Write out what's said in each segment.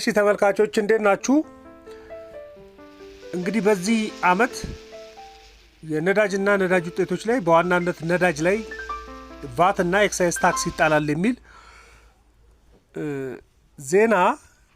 እሺ ተመልካቾች እንዴት ናችሁ? እንግዲህ በዚህ አመት የነዳጅና ነዳጅ ውጤቶች ላይ በዋናነት ነዳጅ ላይ ቫት እና ኤክሳይዝ ታክስ ይጣላል የሚል ዜና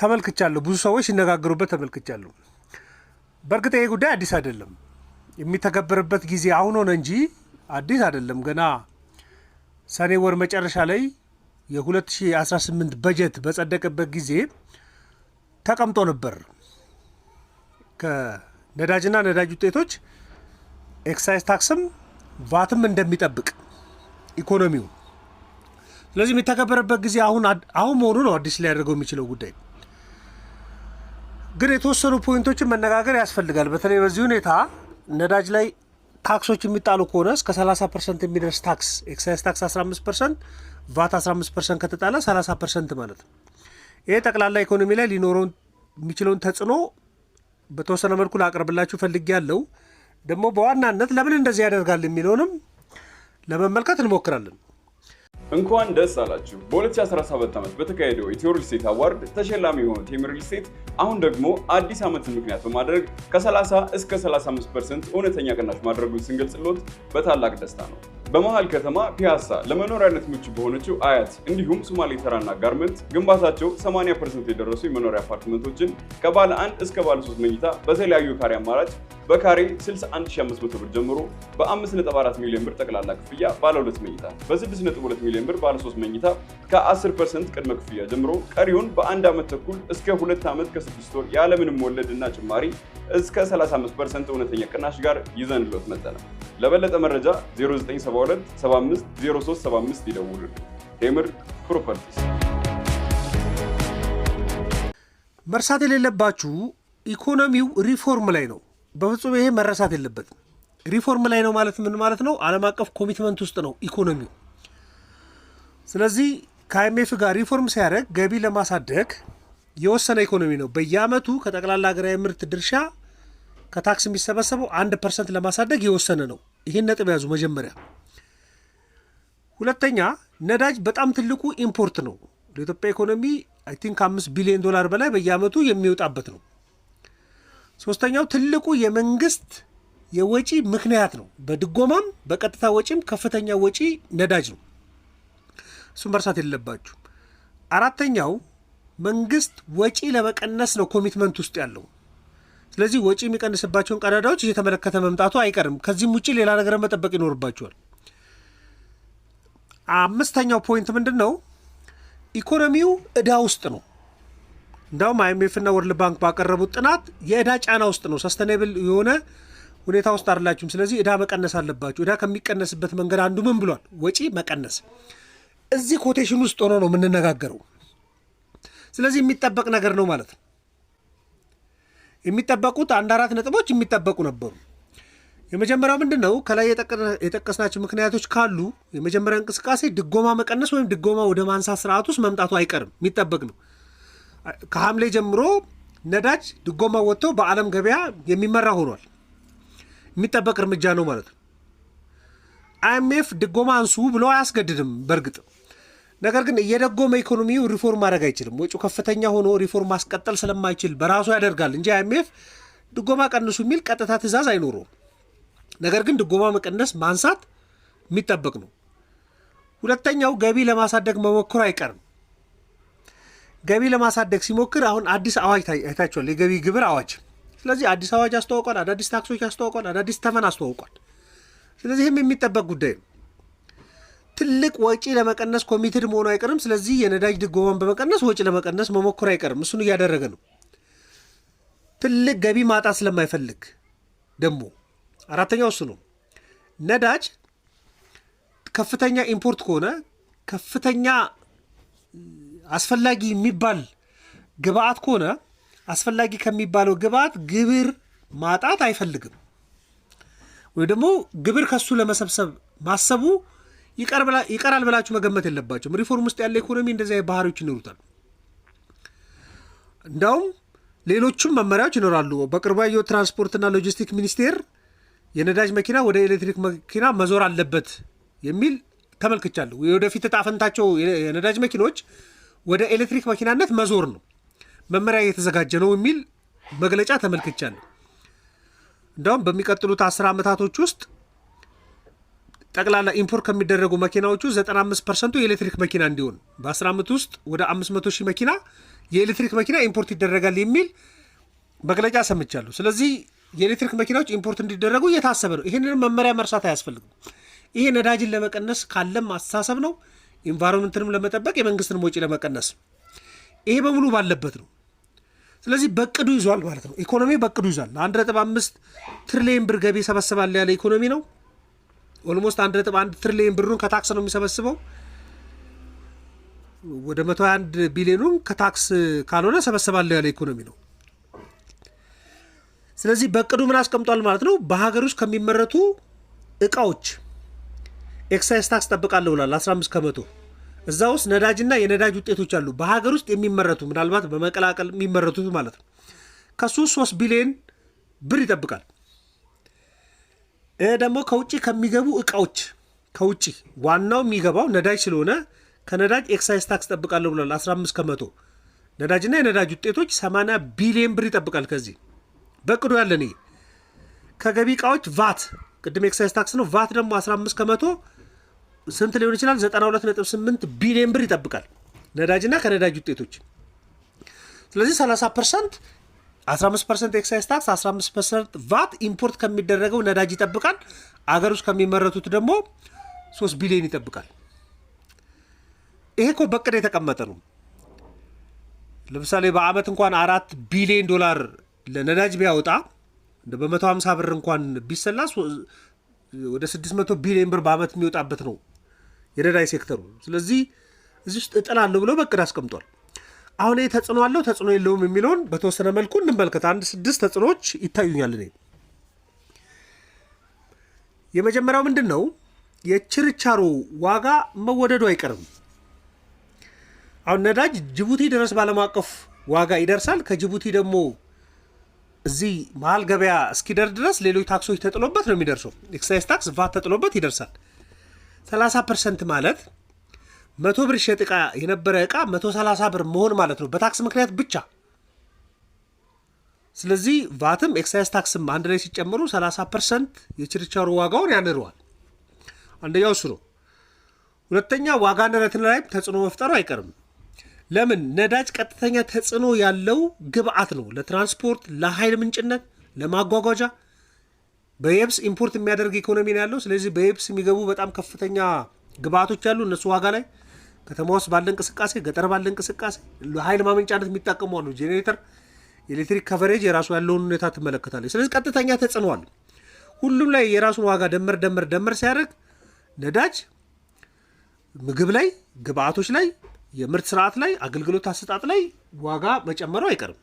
ተመልክቻለሁ። ብዙ ሰዎች ሲነጋገሩበት ተመልክቻለሁ። በእርግጥ ይሄ ጉዳይ አዲስ አይደለም። የሚተገበርበት ጊዜ አሁን ሆነ እንጂ አዲስ አይደለም። ገና ሰኔ ወር መጨረሻ ላይ የ2018 በጀት በጸደቀበት ጊዜ ተቀምጦ ነበር። ከነዳጅና ነዳጅ ውጤቶች ኤክሳይዝ ታክስም ቫትም እንደሚጠብቅ ኢኮኖሚው። ስለዚህ የሚተገበረበት ጊዜ አሁን አሁን መሆኑ ነው አዲስ ሊያደርገው የሚችለው ጉዳይ። ግን የተወሰኑ ፖይንቶችን መነጋገር ያስፈልጋል። በተለይ በዚህ ሁኔታ ነዳጅ ላይ ታክሶች የሚጣሉ ከሆነ እስከ 30 ፐርሰንት የሚደርስ ታክስ ኤክሳይዝ ታክስ 15 ፐርሰንት፣ ቫት 15 ፐርሰንት ከተጣለ 30 ፐርሰንት ማለት ነው። ይሄ ጠቅላላ ኢኮኖሚ ላይ ሊኖረውን የሚችለውን ተጽዕኖ በተወሰነ መልኩ ላቅርብላችሁ ፈልጌ ያለው ደግሞ በዋናነት ለምን እንደዚህ ያደርጋል የሚለውንም ለመመልከት እንሞክራለን። እንኳን ደስ አላችሁ! በ2017 ዓመት በተካሄደው ኢትዮ ሪል ስቴት አዋርድ ተሸላሚ የሆኑት ቴምር ሪል ስቴት አሁን ደግሞ አዲስ ዓመትን ምክንያት በማድረግ ከ30 እስከ 35 ፐርሰንት እውነተኛ ቅናሽ ማድረጉን ስንገልጽሎት በታላቅ ደስታ ነው። በመሃል ከተማ ፒያሳ ለመኖሪያነት ምቹ በሆነችው አያት እንዲሁም ሶማሌ ተራና ጋርመንት ግንባታቸው 80 ፐርሰንት የደረሱ የመኖሪያ አፓርትመንቶችን ከባለ አንድ እስከ ባለ ሶስት መኝታ በተለያዩ ካሬ አማራጭ በካሬ 61500 ብር ጀምሮ በ5.4 ሚሊዮን ብር ጠቅላላ ክፍያ ባለ ሁለት መኝታ በ6.2 ሚሊዮን ብር ባለ ሶስት መኝታ ከ10 ፐርሰንት ቅድመ ክፍያ ጀምሮ ቀሪውን በአንድ ዓመት ተኩል እስከ ሁለት ዓመት ከስድስት ወር ያለምንም ወለድና ጭማሪ እስከ 35% እውነተኛ ቅናሽ ጋር ይዘንሎት መጠነ ለበለጠ መረጃ 0972750375 ይደውሉ። ቴምር ፕሮፐርቲስ። መርሳት የሌለባችሁ ኢኮኖሚው ሪፎርም ላይ ነው። በፍጹም ይሄ መረሳት የለበትም። ሪፎርም ላይ ነው ማለት ምን ማለት ነው? ዓለም አቀፍ ኮሚትመንት ውስጥ ነው ኢኮኖሚው። ስለዚህ ከአይኤምኤፍ ጋር ሪፎርም ሲያደርግ ገቢ ለማሳደግ የወሰነ ኢኮኖሚ ነው። በየአመቱ ከጠቅላላ ሀገራዊ ምርት ድርሻ ከታክስ የሚሰበሰበው አንድ ፐርሰንት ለማሳደግ የወሰነ ነው። ይህን ነጥብ ያዙ መጀመሪያ። ሁለተኛ ነዳጅ በጣም ትልቁ ኢምፖርት ነው ለኢትዮጵያ ኢኮኖሚ አይ ቲንክ አምስት ቢሊዮን ዶላር በላይ በየአመቱ የሚወጣበት ነው። ሶስተኛው ትልቁ የመንግስት የወጪ ምክንያት ነው። በድጎማም በቀጥታ ወጪም ከፍተኛ ወጪ ነዳጅ ነው። እሱም መርሳት የለባችሁ። አራተኛው መንግስት ወጪ ለመቀነስ ነው ኮሚትመንት ውስጥ ያለው ስለዚህ ወጪ የሚቀንስባቸውን ቀዳዳዎች እየተመለከተ መምጣቱ አይቀርም። ከዚህም ውጭ ሌላ ነገር መጠበቅ ይኖርባቸዋል። አምስተኛው ፖይንት ምንድን ነው? ኢኮኖሚው እዳ ውስጥ ነው። እንዳውም አይኤምኤፍና ወርል ባንክ ባቀረቡት ጥናት የእዳ ጫና ውስጥ ነው። ሰስተናብል የሆነ ሁኔታ ውስጥ አይደላችሁም። ስለዚህ እዳ መቀነስ አለባችሁ። እዳ ከሚቀነስበት መንገድ አንዱ ምን ብሏል? ወጪ መቀነስ። እዚህ ኮቴሽን ውስጥ ሆኖ ነው የምንነጋገረው። ስለዚህ የሚጠበቅ ነገር ነው ማለት ነው። የሚጠበቁት አንድ አራት ነጥቦች የሚጠበቁ ነበሩ። የመጀመሪያው ምንድን ነው? ከላይ የጠቀስናቸው ምክንያቶች ካሉ የመጀመሪያ እንቅስቃሴ ድጎማ መቀነስ ወይም ድጎማ ወደ ማንሳት ስርዓት ውስጥ መምጣቱ አይቀርም፣ የሚጠበቅ ነው። ከሐምሌ ጀምሮ ነዳጅ ድጎማ ወጥቶ በዓለም ገበያ የሚመራ ሆኗል። የሚጠበቅ እርምጃ ነው ማለት ነው። አይኤምኤፍ ድጎማ አንሱ ብሎ አያስገድድም በእርግጥ ነገር ግን እየደጎመ ኢኮኖሚው ሪፎርም ማድረግ አይችልም። ወጪው ከፍተኛ ሆኖ ሪፎርም ማስቀጠል ስለማይችል በራሱ ያደርጋል እንጂ አይኤምኤፍ ድጎማ ቀንሱ የሚል ቀጥታ ትዕዛዝ አይኖረውም። ነገር ግን ድጎማ መቀነስ ማንሳት የሚጠበቅ ነው። ሁለተኛው ገቢ ለማሳደግ መሞክሩ አይቀርም። ገቢ ለማሳደግ ሲሞክር አሁን አዲስ አዋጅ አይታችኋል፣ የገቢ ግብር አዋጅ። ስለዚህ አዲስ አዋጅ አስተዋውቋል፣ አዳዲስ ታክሶች አስተዋውቋል፣ አዳዲስ ተመን አስተዋውቋል። ስለዚህ የሚጠበቅ ጉዳይ ነው። ትልቅ ወጪ ለመቀነስ ኮሚትድ መሆኑ አይቀርም። ስለዚህ የነዳጅ ድጎማን በመቀነስ ወጪ ለመቀነስ መሞከር አይቀርም። እሱን እያደረገ ነው። ትልቅ ገቢ ማጣት ስለማይፈልግ ደግሞ አራተኛው እሱ ነው። ነዳጅ ከፍተኛ ኢምፖርት ከሆነ ከፍተኛ አስፈላጊ የሚባል ግብአት ከሆነ አስፈላጊ ከሚባለው ግብአት ግብር ማጣት አይፈልግም። ወይም ደግሞ ግብር ከሱ ለመሰብሰብ ማሰቡ ይቀራል ብላችሁ መገመት የለባቸውም። ሪፎርም ውስጥ ያለ ኢኮኖሚ እንደዚያ ባህሪዎች ይኖሩታል። እንዳውም ሌሎችም መመሪያዎች ይኖራሉ። በቅርቡ ያየው ትራንስፖርትና ሎጂስቲክ ሚኒስቴር የነዳጅ መኪና ወደ ኤሌክትሪክ መኪና መዞር አለበት የሚል ተመልክቻለሁ። የወደፊት ዕጣ ፈንታቸው የነዳጅ መኪኖች ወደ ኤሌክትሪክ መኪናነት መዞር ነው፣ መመሪያ እየተዘጋጀ ነው የሚል መግለጫ ተመልክቻለሁ። እንዳውም በሚቀጥሉት አስር ዓመታቶች ውስጥ ጠቅላላ ኢምፖርት ከሚደረጉ መኪናዎቹ 95 ፐርሰንቱ የኤሌክትሪክ መኪና እንዲሆን በ10 ዓመት ውስጥ ወደ 500 ሺህ መኪና የኤሌክትሪክ መኪና ኢምፖርት ይደረጋል የሚል መግለጫ ሰምቻለሁ። ስለዚህ የኤሌክትሪክ መኪናዎች ኢምፖርት እንዲደረጉ እየታሰበ ነው። ይህንንም መመሪያ መርሳት አያስፈልግም። ይሄ ነዳጅን ለመቀነስ ካለም አስተሳሰብ ነው፣ ኢንቫይሮንመንትንም ለመጠበቅ የመንግስትንም ወጪ ለመቀነስ ይሄ በሙሉ ባለበት ነው። ስለዚህ በቅዱ ይዟል ማለት ነው። ኢኮኖሚ በቅዱ ይዟል። ለ1.5 ትሪሊየን ብር ገቢ ሰበስባል ያለ ኢኮኖሚ ነው። ኦልሞስት አንድ ነጥብ አንድ ትሪሊየን ብሩን ከታክስ ነው የሚሰበስበው። ወደ መቶ አንድ ቢሊዮኑን ከታክስ ካልሆነ ሰበሰባለሁ ያለ ኢኮኖሚ ነው። ስለዚህ በእቅዱ ምን አስቀምጧል ማለት ነው? በሀገር ውስጥ ከሚመረቱ እቃዎች ኤክሳይዝ ታክስ ጠብቃለሁ ብሏል 15 ከመቶ። እዛ ውስጥ ነዳጅና የነዳጅ ውጤቶች አሉ። በሀገር ውስጥ የሚመረቱ ምናልባት በመቀላቀል የሚመረቱት ማለት ነው። ከሱ 3 ቢሊዮን ብር ይጠብቃል። ደግሞ ከውጭ ከሚገቡ እቃዎች ከውጭ ዋናው የሚገባው ነዳጅ ስለሆነ ከነዳጅ ኤክሳይዝ ታክስ ጠብቃለሁ ብሏል። 15 ከመቶ ነዳጅና የነዳጅ ውጤቶች 80 ቢሊዮን ብር ይጠብቃል። ከዚህ በቅዶ ያለን ከገቢ እቃዎች ቫት ቅድም ኤክሳይዝ ታክስ ነው። ቫት ደግሞ 15 ከመቶ ስንት ሊሆን ይችላል? 92.8 ቢሊዮን ብር ይጠብቃል ነዳጅና ከነዳጅ ውጤቶች ስለዚህ 30 ፐርሰንት 15% ኤክሳይዝ ታክስ፣ 15% ቫት ኢምፖርት ከሚደረገው ነዳጅ ይጠብቃል። አገር ውስጥ ከሚመረቱት ደግሞ 3 ቢሊዮን ይጠብቃል። ይሄ እኮ በቅድ የተቀመጠ ነው። ለምሳሌ በአመት እንኳን አራት ቢሊዮን ዶላር ለነዳጅ ቢያወጣ በ150 ብር እንኳን ቢሰላ ወደ 600 ቢሊዮን ብር በአመት የሚወጣበት ነው የነዳጅ ሴክተሩ። ስለዚህ እዚህ ውስጥ እጥላለሁ ብሎ በቅድ አስቀምጧል። አሁን ይህ ተጽዕኖ አለው ተጽዕኖ የለውም የሚለውን በተወሰነ መልኩ እንመልከት። አንድ ስድስት ተጽዕኖዎች ይታዩኛል እኔ። የመጀመሪያው ምንድን ነው? የችርቻሮ ዋጋ መወደዱ አይቀርም። አሁን ነዳጅ ጅቡቲ ድረስ ባለም አቀፍ ዋጋ ይደርሳል። ከጅቡቲ ደግሞ እዚህ መሀል ገበያ እስኪደር ድረስ ሌሎች ታክሶች ተጥሎበት ነው የሚደርሰው። ኤክሳይዝ ታክስ ቫት ተጥሎበት ይደርሳል። 30 ፐርሰንት ማለት መቶ ብር ይሸጥ እቃ የነበረ ዕቃ መቶ ሰላሳ ብር መሆን ማለት ነው በታክስ ምክንያት ብቻ። ስለዚህ ቫትም ኤክሳይዝ ታክስም አንድ ላይ ሲጨምሩ 30 ፐርሰንት የችርቻሩ ዋጋውን ያንረዋል። አንደኛው እሱ ነው። ሁለተኛ ዋጋ ንረትን ላይ ተጽዕኖ መፍጠሩ አይቀርም። ለምን ነዳጅ ቀጥተኛ ተጽዕኖ ያለው ግብአት ነው ለትራንስፖርት፣ ለኃይል ምንጭነት፣ ለማጓጓዣ በየብስ ኢምፖርት የሚያደርግ ኢኮኖሚ ነው ያለው። ስለዚህ በየብስ የሚገቡ በጣም ከፍተኛ ግብአቶች አሉ እነሱ ዋጋ ላይ ከተማ ውስጥ ባለ እንቅስቃሴ፣ ገጠር ባለ እንቅስቃሴ ለኃይል ማመንጫነት የሚጠቀሙ አሉ። ጄኔሬተር የኤሌክትሪክ ከቨሬጅ የራሱ ያለውን ሁኔታ ትመለከታለች። ስለዚህ ቀጥተኛ ተጽዕኖዋል። ሁሉም ላይ የራሱን ዋጋ ደመር ደመር ደመር ሲያደርግ ነዳጅ፣ ምግብ ላይ፣ ግብአቶች ላይ፣ የምርት ስርዓት ላይ፣ አገልግሎት አሰጣጥ ላይ ዋጋ መጨመሩ አይቀርም።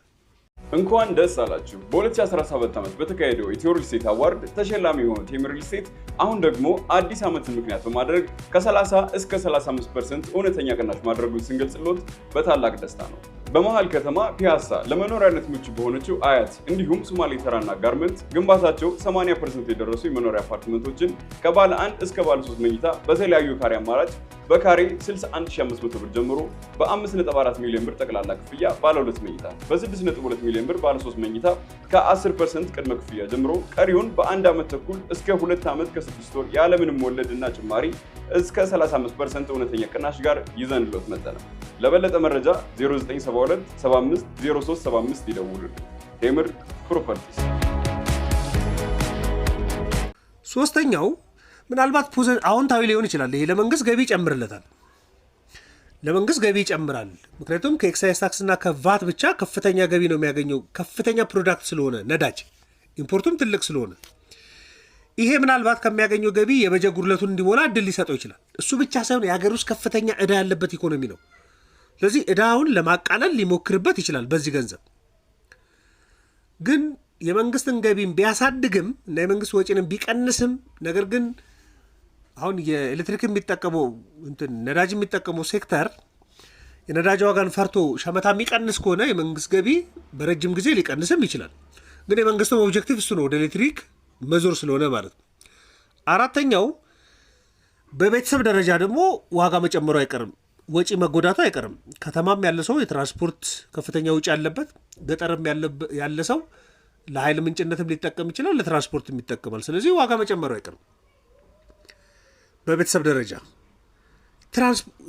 እንኳን ደስ አላችሁ! በ2017 ዓመት በተካሄደው የቴዎር ሪልስቴት አዋርድ ተሸላሚ የሆኑት ቴምር ሪልስቴት አሁን ደግሞ አዲስ ዓመትን ምክንያት በማድረግ ከ30 እስከ 35 ፐርሰንት እውነተኛ ቅናሽ ማድረጉን ስንገልጽሎት በታላቅ ደስታ ነው። በመሃል ከተማ ፒያሳ፣ ለመኖሪያነት ምቹ በሆነችው አያት እንዲሁም ሶማሌ ተራና ጋርመንት ግንባታቸው 80 ፐርሰንት የደረሱ የመኖሪያ አፓርትመንቶችን ከባለ አንድ እስከ ባለ ሶስት መኝታ በተለያዩ ካሬ አማራጭ በካሬ 61500 ብር ጀምሮ በ5.4 ሚሊዮን ብር ጠቅላላ ክፍያ ባለ 2 መኝታ በ6.2 ሚሊዮን ብር ባለ 3 መኝታ ከ10% ቅድመ ክፍያ ጀምሮ ቀሪውን በአንድ ዓመት ተኩል እስከ ሁለት ዓመት ከ6 ወር ያለምንም ወለድና ጭማሪ እስከ 35% እውነተኛ ቅናሽ ጋር ይዘንሎት መጠነ ለበለጠ መረጃ 0972750375 ይደውሉልን። ቴምር ፕሮፐርቲስ። ሶስተኛው ምናልባት አዎንታዊ ሊሆን ይችላል። ይሄ ለመንግስት ገቢ ይጨምርለታል፣ ለመንግስት ገቢ ይጨምራል። ምክንያቱም ከኤክሳይዝ ና ከቫት ብቻ ከፍተኛ ገቢ ነው የሚያገኘው፣ ከፍተኛ ፕሮዳክት ስለሆነ ነዳጅ ኢምፖርቱም ትልቅ ስለሆነ ይሄ ምናልባት ከሚያገኘው ገቢ የበጀት ጉድለቱን እንዲሞላ እድል ሊሰጠው ይችላል። እሱ ብቻ ሳይሆን የሀገር ውስጥ ከፍተኛ እዳ ያለበት ኢኮኖሚ ነው። ስለዚህ እዳውን ለማቃለል ሊሞክርበት ይችላል። በዚህ ገንዘብ ግን የመንግስትን ገቢም ቢያሳድግም እና የመንግስት ወጪንም ቢቀንስም ነገር ግን አሁን የኤሌክትሪክ የሚጠቀመው እንትን ነዳጅ የሚጠቀመው ሴክተር የነዳጅ ዋጋን ፈርቶ ሸመታ የሚቀንስ ከሆነ የመንግስት ገቢ በረጅም ጊዜ ሊቀንስም ይችላል። ግን የመንግስትም ኦብጀክቲቭ እሱ ነው፣ ወደ ኤሌክትሪክ መዞር ስለሆነ ማለት ነው። አራተኛው በቤተሰብ ደረጃ ደግሞ ዋጋ መጨመሩ አይቀርም። ወጪ መጎዳቱ አይቀርም። ከተማም ያለ ሰው የትራንስፖርት ከፍተኛ ውጪ ያለበት፣ ገጠርም ያለ ሰው ለኃይል ምንጭነትም ሊጠቀም ይችላል፣ ለትራንስፖርትም ይጠቀማል። ስለዚህ ዋጋ መጨመሩ አይቀርም። በቤተሰብ ደረጃ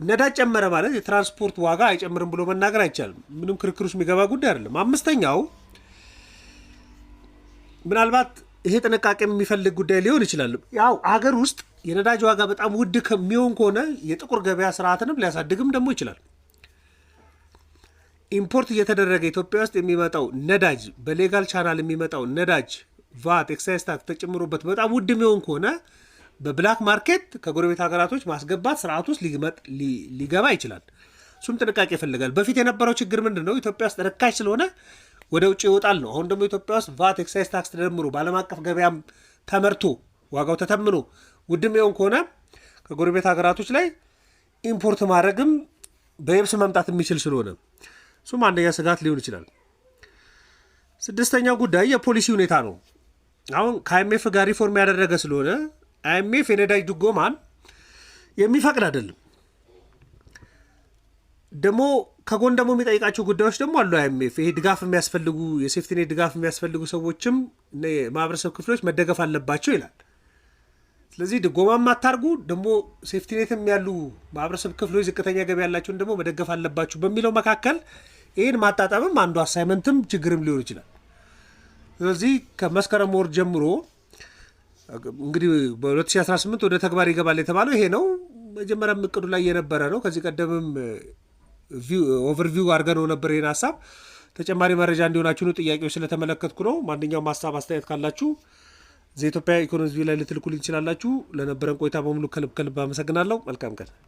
ነዳጅ ጨመረ ማለት የትራንስፖርት ዋጋ አይጨምርም ብሎ መናገር አይቻልም። ምንም ክርክር ውስጥ የሚገባ ጉዳይ አይደለም። አምስተኛው ምናልባት ይሄ ጥንቃቄ የሚፈልግ ጉዳይ ሊሆን ይችላል። ያው አገር ውስጥ የነዳጅ ዋጋ በጣም ውድ ከሚሆን ከሆነ የጥቁር ገበያ ስርዓትንም ሊያሳድግም ደግሞ ይችላል። ኢምፖርት እየተደረገ ኢትዮጵያ ውስጥ የሚመጣው ነዳጅ በሌጋል ቻናል የሚመጣው ነዳጅ ቫት፣ ኤክሳይዝ ታክስ ተጨምሮበት በጣም ውድ የሚሆን ከሆነ በብላክ ማርኬት ከጎረቤት ሀገራቶች ማስገባት ስርዓት ውስጥ ሊገባ ይችላል። እሱም ጥንቃቄ ይፈልጋል። በፊት የነበረው ችግር ምንድን ነው? ኢትዮጵያ ውስጥ ርካሽ ስለሆነ ወደ ውጭ ይወጣል ነው። አሁን ደግሞ ኢትዮጵያ ውስጥ ቫት፣ ኤክሳይዝ ታክስ ተደምሮ በዓለም አቀፍ ገበያም ተመርቶ ዋጋው ተተምኖ ውድም የሆን ከሆነ ከጎረቤት ሀገራቶች ላይ ኢምፖርት ማድረግም በየብስ መምጣት የሚችል ስለሆነ እሱም አንደኛ ስጋት ሊሆን ይችላል። ስድስተኛው ጉዳይ የፖሊሲ ሁኔታ ነው። አሁን ከአይኤምኤፍ ጋር ሪፎርም ያደረገ ስለሆነ አይኤምኤፍ የነዳጅ ድጎማን የሚፈቅድ አይደለም ደግሞ ከጎን ደግሞ የሚጠይቃቸው ጉዳዮች ደግሞ አሉ። አይምኤፍ ይሄ ድጋፍ የሚያስፈልጉ የሴፍቲኔት ድጋፍ የሚያስፈልጉ ሰዎችም ማህበረሰብ ክፍሎች መደገፍ አለባቸው ይላል። ስለዚህ ድጎማ ማታርጉ ደግሞ ሴፍቲኔትም ያሉ ማህበረሰብ ክፍሎች ዝቅተኛ ገቢ ያላቸውን ደግሞ መደገፍ አለባቸው በሚለው መካከል ይህን ማጣጣምም አንዱ አሳይመንትም ችግርም ሊሆን ይችላል። ስለዚህ ከመስከረም ወር ጀምሮ እንግዲህ በ2018 ወደ ተግባር ይገባል የተባለው ይሄ ነው። መጀመሪያም እቅዱ ላይ የነበረ ነው። ከዚህ ቀደምም ኦቨርቪው አድርገ ነው ነበር ይህን ሀሳብ ተጨማሪ መረጃ እንዲሆናችሁ ነው። ጥያቄዎች ስለተመለከትኩ ነው። ማንኛውም ሀሳብ አስተያየት ካላችሁ ዘኢትዮጵያ ኢኮኖሚ ላይ ልትልኩልኝ ይችላላችሁ። ለነበረን ቆይታ በሙሉ ከልብ ከልብ አመሰግናለሁ። መልካም ቀን